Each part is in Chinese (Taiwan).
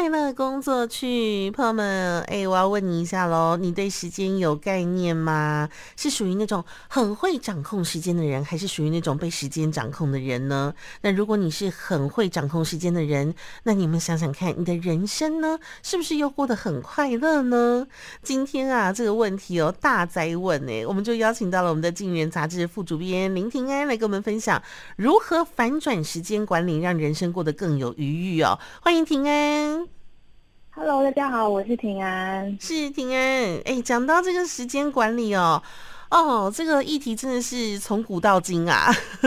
快樂工作趣，朋友們。哎、欸，我要問你一下嘍，你對時間有概念嗎？是屬於那種很會掌控時間的人，還是屬於那種被時間掌控的人呢？那如果你是很會掌控時間的人，那你們想想看你的人生呢，是不是又過得很快樂呢？今天啊，這個問題有，大哉問，誒、欸，我們就邀請到了我們的《經理人》雜誌副主編林庭安來跟我們分享如何反轉時間管理，讓人生過得更有餘裕哦。歡迎庭安。Hello，大家好，我是庭安，是庭安。哎，講到這個時間管理哦，哦，這個議題真的是從古到今啊。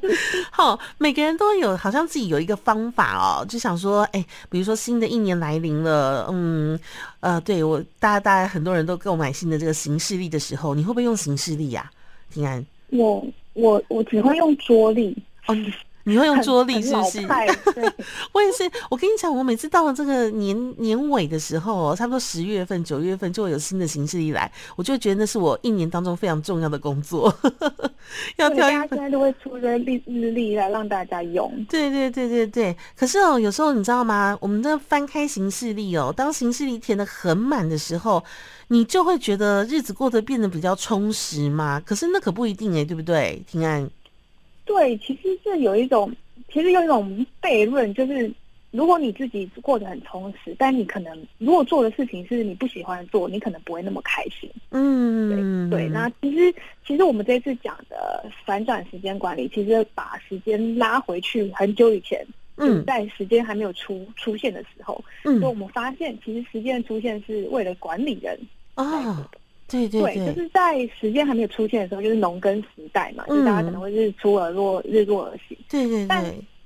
好，每個人都有，好像自己有一個方法哦，就想說，哎，比如說新的一年來臨了，嗯，呃，對我，大家，大家很多人都購買新的這個行事曆的時候，你會不會用行事曆呀、啊？庭安，我，我，我只會用桌曆。哦。你會用桌曆是不是？對 我也是。我跟你講，我每次到了這個年年尾的時候，哦，差不多十月份、九月份就會有新的行事曆來，我就覺得那是我一年當中非常重要的工作。 要一大家現在都會出日曆、日曆來讓大家用。 對，對對對對對。可是哦，有時候你知道嗎？我們這翻開行事曆哦，當行事曆填得很滿的時候，你就會覺得日子過得變得比較充實嘛。可是那可不一定誒對不對？庭安。對，其實是有一種，其實有一種悖論，就是如果你自己過得很充實，但你可能如果做的事情是你不喜歡做，你可能不會那麼開心。嗯，對，對，那其實其實我們這次講的反轉時間管理，其實把時間拉回去很久以前，嗯，在時間還沒有出出現的時候，嗯，所以我們發現，其實時間的出現是為了管理人啊。哦對對對，對，就是在時間還沒有出現的時候，就是農耕時代嘛，嗯、就大家可能會日出而落，日落而息。對對對，但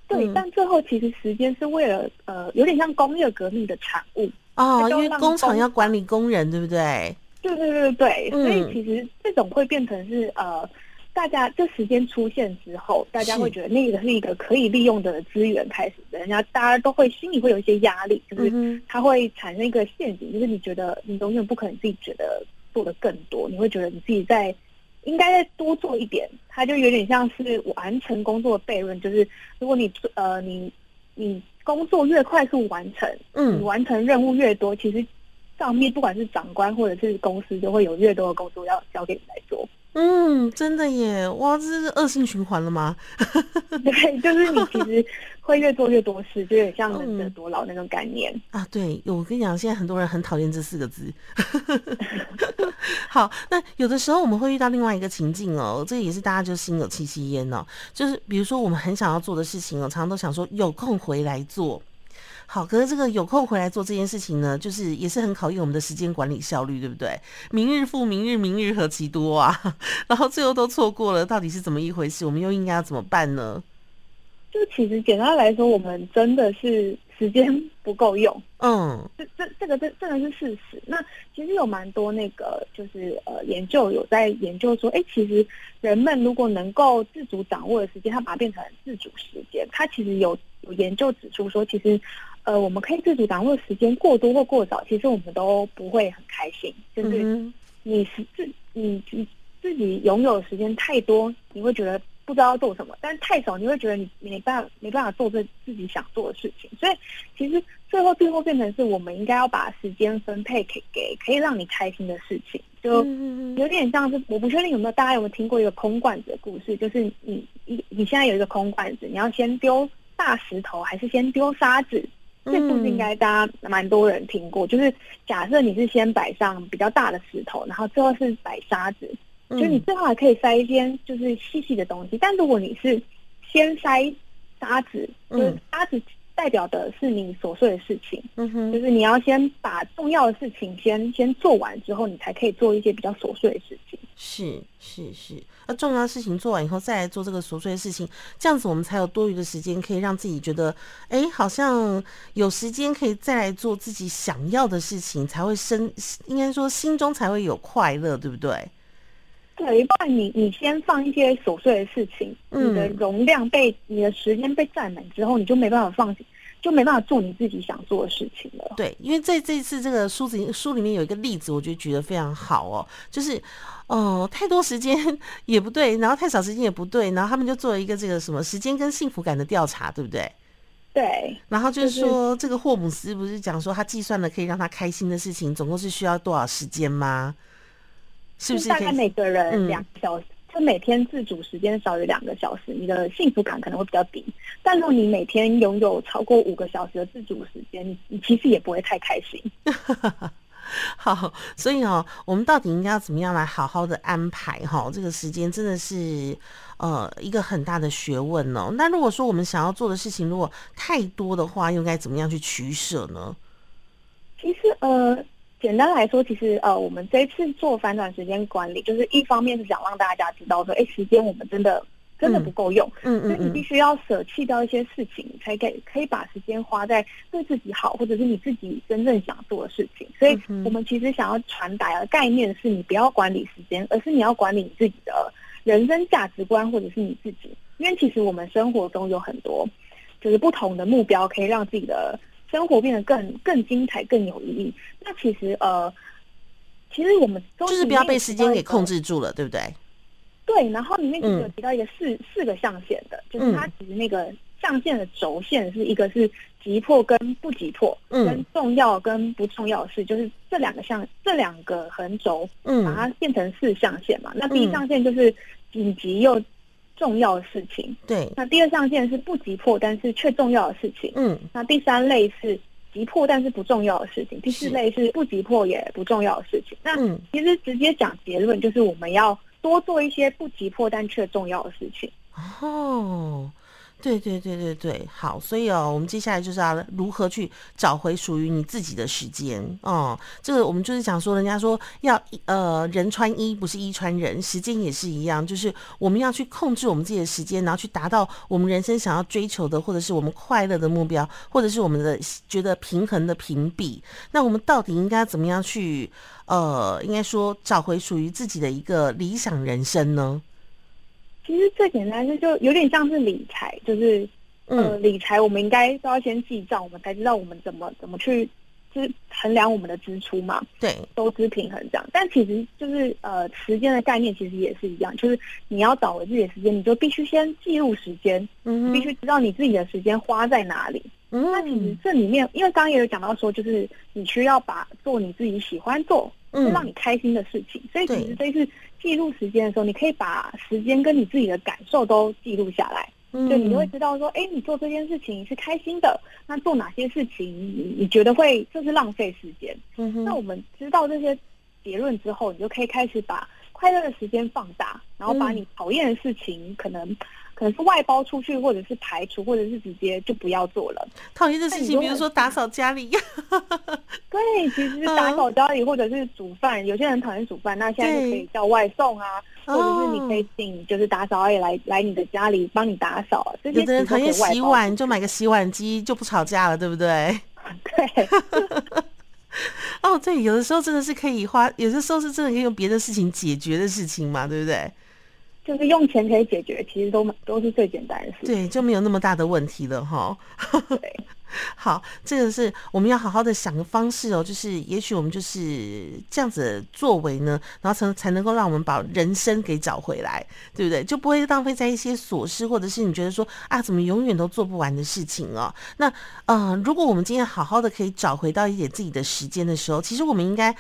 對，嗯、但最後其實時間是為了呃，有點像工業革命的產物哦。因為工廠要管理工人，工人對不對？對對對對對，嗯、所以其實這種會變成是呃，大家這時間出現之後，大家會覺得那個那個可以利用的資源開始，是人家大家都會心裡會有一些壓力，就是它會產生一個陷阱，就是你覺得你永遠不可能自己覺得。做的更多，你會覺得你自己在應該再多做一點，它就有點像是完成工作的悖論，就是如果你呃你你工作越快速完成，嗯，你完成任務越多，其實上面不管是長官或者是公司就會有越多的工作要交給你來做。嗯，真的耶，哇，這是惡性循環了嗎？ 對，就是你其實會越做越多事，就有點像能者多勞那種概念、嗯、啊。對，我跟你講，現在很多人很討厭這四個字。 好，那有的時候我們會遇到另外一個情境哦，這也是大家就心有戚戚焉哦。就是比如說我們很想要做的事情哦，我常常都想說有空回來做。好，可是這個有空回來做這件事情呢，就是也是很考驗我們的時間管理效率，對不對？明日復明日，明日何其多啊！然後最後都錯過了，到底是怎麼一回事？我們又應該要怎麼辦呢？就其實簡單來說，我們真的是時間不夠用，嗯，這這這個真的，這個這個是事實。那其實有蠻多那個就是呃研究有在研究說，哎，其實人們如果能夠自主掌握的時間，他把它變成自主時間，他其實有有研究指出說，其實。呃，我們可以自主掌握時間過多或過少，其實我們都不會很開心。就是你是自、嗯、哼你你自己擁有時間太多，你會覺得不知道要做什麼，但太少，你會覺得你沒辦法沒辦法做這自己想做的事情。所以，其實最後最後變成是我們應該要把時間分配給給可以讓你開心的事情。就有點像是我不確定有沒有大家有沒有聽過一個空罐子的故事，就是你你你現在有一個空罐子，你要先丟大石頭還是先丟沙子？這故事應該大家蠻多人聽過，就是假設你是先擺上比較大的石頭，然後最後是擺沙子，嗯、就你最後還可以塞一些就是細細的東西。但如果你是先塞沙子，就是沙子代表的是你瑣碎的事情，嗯、就是你要先把重要的事情先先做完之後，你才可以做一些比較瑣碎的事情。是是是，那、啊、重要的事情做完以後，再來做這個瑣碎的事情，這樣子我們才有多餘的時間，可以讓自己覺得，哎、欸，好像有時間可以再來做自己想要的事情，才會生，應該說心中才會有快樂，對不對？對，不然你你先放一些瑣碎的事情，嗯、你的容量被你的時間被佔滿之後，你就沒辦法放。就沒辦法做你自己想做的事情了。對，因為在這,這次這個書子書裡面有一個例子，我就覺得得非常好哦，就是，哦，太多時間也不對，然後太少時間也不對，然後他們就做了一個這個什麼時間跟幸福感的調查，對不對？對。然後就是說，就是、這個霍姆斯不是講說他計算了可以讓他開心的事情，總共是需要多少時間嗎？是不是？大概每個人兩小時。嗯每天自主時間少於兩個小時，你的幸福感可能會比較低。但如果你每天擁有超過五個小時的自主時間，你其實也不會太開心。 好，所以哦，我們到底應該要怎麼樣來好好的安排哈，哦？這個時間真的是呃一個很大的學問哦。那如果說我們想要做的事情如果太多的話，又該怎麼樣去取捨呢？其實呃。簡單來說，其實呃，我們這一次做反轉時間管理，就是一方面是想讓大家知道說，哎、欸，時間我們真的真的不夠用，嗯，那你必須要捨棄掉一些事情，嗯嗯、才給可，可以把時間花在對自己好，或者是你自己真正想做的事情。所以，我們其實想要傳達的概念是，你不要管理時間，而是你要管理你自己的人生價值觀，或者是你自己。因為其實我們生活中有很多就是不同的目標，可以讓自己的。生活變得更更精彩更有意義。那其實呃，其實我們都就是不要被時間給控制住了，對不對？對。然後裡面就有提到一個四、嗯、四個象限的，就是它其實那個象限的軸線是一個是急迫跟不急迫，嗯、跟重要跟不重要是，就是這兩個象這兩個橫軸，把它變成四象限嘛。那第一象限就是緊急又重要的事情，對。那第二象限是不急迫但是卻重要的事情，嗯。那第三類是急迫但是不重要的事情，是第四類是不急迫也不重要的事情。那、嗯、其實直接講結論就是，我們要多做一些不急迫但卻重要的事情。哦。對對對對對，好，所以哦，我們接下來就是要如何去找回屬於你自己的時間哦、嗯。這個我們就是想說，人家說要呃，人穿衣不是衣穿人，時間也是一樣，就是我們要去控制我們自己的時間，然後去達到我們人生想要追求的，或者是我們快樂的目標，或者是我們的覺得平衡的評比。那我們到底應該怎麼樣去呃，應該說找回屬於自己的一個理想人生呢？其實最簡單的，就是就有點像是理財，就是，嗯、呃，理財我們應該都要先記賬，我們才知道我們怎麼怎麼去，就是衡量我們的支出嘛。對，收支平衡這樣。但其實就是呃，時間的概念其實也是一樣，就是你要找回自己的時間，你就必須先記錄時間，嗯哼，必須知道你自己的時間花在哪裡。那、嗯、其實這裡面，因為剛剛也有講到說，就是你需要把做你自己喜歡做。嗯、讓你開心的事情，所以其實這一次記錄時間的時候，對你可以把時間跟你自己的感受都記錄下來，嗯、就你就會知道說，哎，你做這件事情是開心的，那做哪些事情你覺得會就是浪費時間？嗯哼那我們知道這些結論之後，你就可以開始把快樂的時間放大，然後把你討厭的事情可能。可能是外包出去，或者是排除，或者是直接就不要做了。討厭的事情，啊、比如說打掃家裡， 對，其實是打掃家裡，或者是煮飯。嗯、有些人討厭煮飯，那現在就可以叫外送啊，對或者是你可以請就是打掃阿姨來來你的家裡幫你打掃。這些人討厭洗碗，就買個洗碗機就不吵架了，對不對？對。 哦，對，有的時候真的是可以花，有的時候是真的是可以用別的事情解決的事情嘛，對不對？就是用錢可以解決，其實都都是最簡單的事情。對，就沒有那麼大的問題了哈。 對，好，這個是我們要好好的想個方式哦。就是也許我們就是這樣子作為呢，然後才才能夠讓我們把人生給找回來，對不對？就不會浪費在一些瑣事，或者是你覺得說啊，怎麼永遠都做不完的事情哦。那呃，如果我們今天好好的可以找回到一點自己的時間的時候，其實我們應該。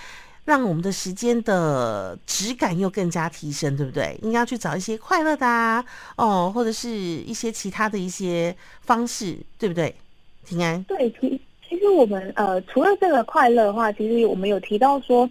讓我們的時間的質感又更加提升，對不對？應該要去找一些快樂的啊，哦，或者是一些其他的一些方式，對不對？庭安對，其其實我們呃，除了這個快樂的話，其實我們有提到說，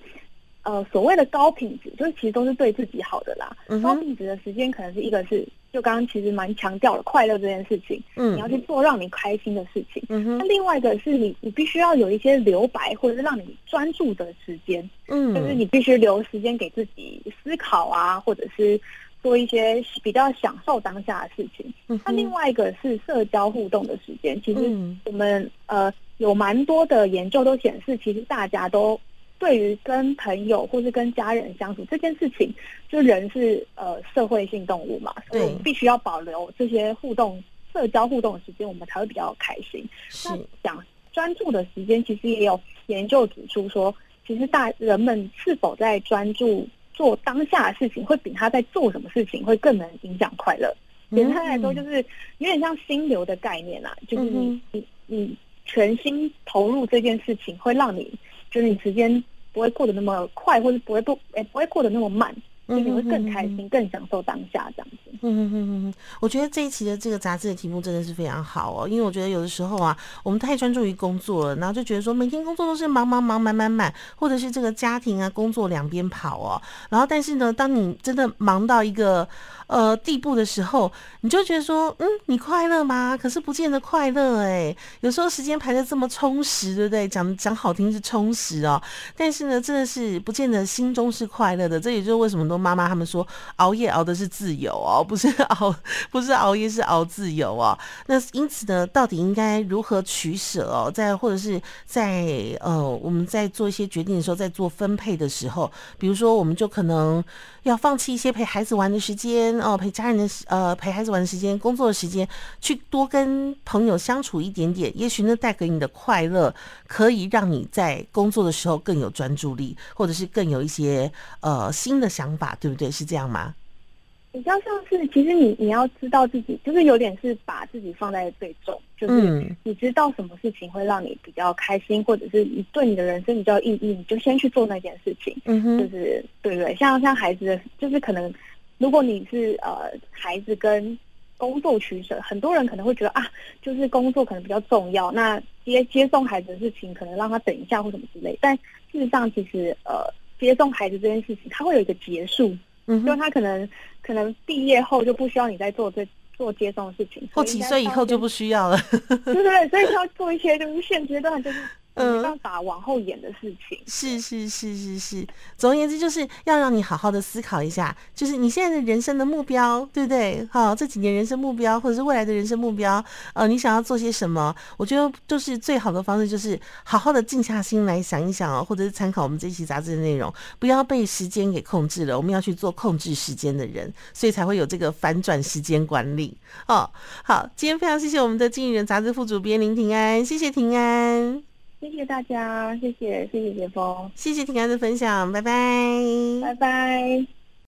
呃，所謂的高品質，就是其實都是對自己好的啦。嗯哼。高品質的時間，可能是一個是。就剛剛其實蠻強調的快樂這件事情，嗯，你要去做讓你開心的事情。嗯哼，那另外一個是你，你必須要有一些留白，或者是讓你專注的時間，嗯，就是你必須留時間給自己思考啊，或者是做一些比較享受當下的事情。嗯哼，那另外一個是社交互動的時間，其實我們、嗯、呃有蠻多的研究都顯示，其實大家都。對於跟朋友或是跟家人相處這件事情，就人是呃社會性動物嘛，所以必須要保留這些互動、社交互動的時間，我們才會比較開心。那講專注的時間，其實也有研究指出說，其實大人們是否在專注做當下的事情，會比他在做什麼事情會更能影響快樂。簡單來說，就是有點像心流的概念啊，就是你你你全心投入這件事情，會讓你就是你時間。不會過得那麼快，或者不會不，不會過得那麼慢。你會更開心，更享受當下這樣子。嗯嗯嗯嗯哼，我覺得這一期的這個雜誌的題目真的是非常好哦，因為我覺得有的時候啊，我們太專注於工作了，然後就覺得說每天工作都是忙忙忙忙忙忙，或者是這個家庭啊工作兩邊跑哦。然後但是呢，當你真的忙到一個呃地步的時候，你就覺得說，嗯，你快樂嗎？可是不見得快樂哎、欸。有時候時間排的這麼充實，對不對？講講好聽是充實哦，但是呢，真的是不見得心中是快樂的。這也就是為什麼。媽媽他們說熬夜熬的是自由哦，不是熬，不是熬夜，是熬自由哦，那因此呢，到底應該如何取捨哦？在或者是在呃，我們在做一些決定的時候，在做分配的時候，比如說我們就可能要放棄一些陪孩子玩的時間哦、呃，陪家人的時呃陪孩子玩的時間、工作的時間，去多跟朋友相處一點點。也許呢，帶給你的快樂可以讓你在工作的時候更有專注力，或者是更有一些呃新的想法。對不對？是這樣嗎？比較像是，其實你你要知道自己，就是有點是把自己放在最重，就是你知道什麼事情會讓你比較開心，或者是你對你的人生比較有意義，你就先去做那件事情。嗯哼，就是對不對？像像孩子，就是可能如果你是呃孩子跟工作取捨，很多人可能會覺得啊，就是工作可能比較重要，那接接送孩子的事情，可能讓他等一下或什麼之類。但事實上，其實呃。接送孩子這件事情，他會有一個結束，嗯哼，因為他可能可能畢業後就不需要你再做這做接送的事情，或幾歲以後就不需要了，對 對？所以他要做一些就無限階段就是。沒辦法往後延的事情，是是是是是。總而言之，就是要讓你好好的思考一下，就是你現在的人生的目標，對不對？好、哦，這幾年人生目標，或者是未來的人生目標，呃，你想要做些什麼？我覺得都是最好的方式，就是好好的靜下心來想一想哦，或者是參考我們這期雜誌的內容，不要被時間給控制了。我們要去做控制時間的人，所以才會有這個反轉時間管理哦。好，今天非常謝謝我們的《經理人》雜誌副主編林庭安，謝謝庭安。謝謝大家，謝謝謝謝潔楓，謝謝庭安的分享，拜拜，拜拜。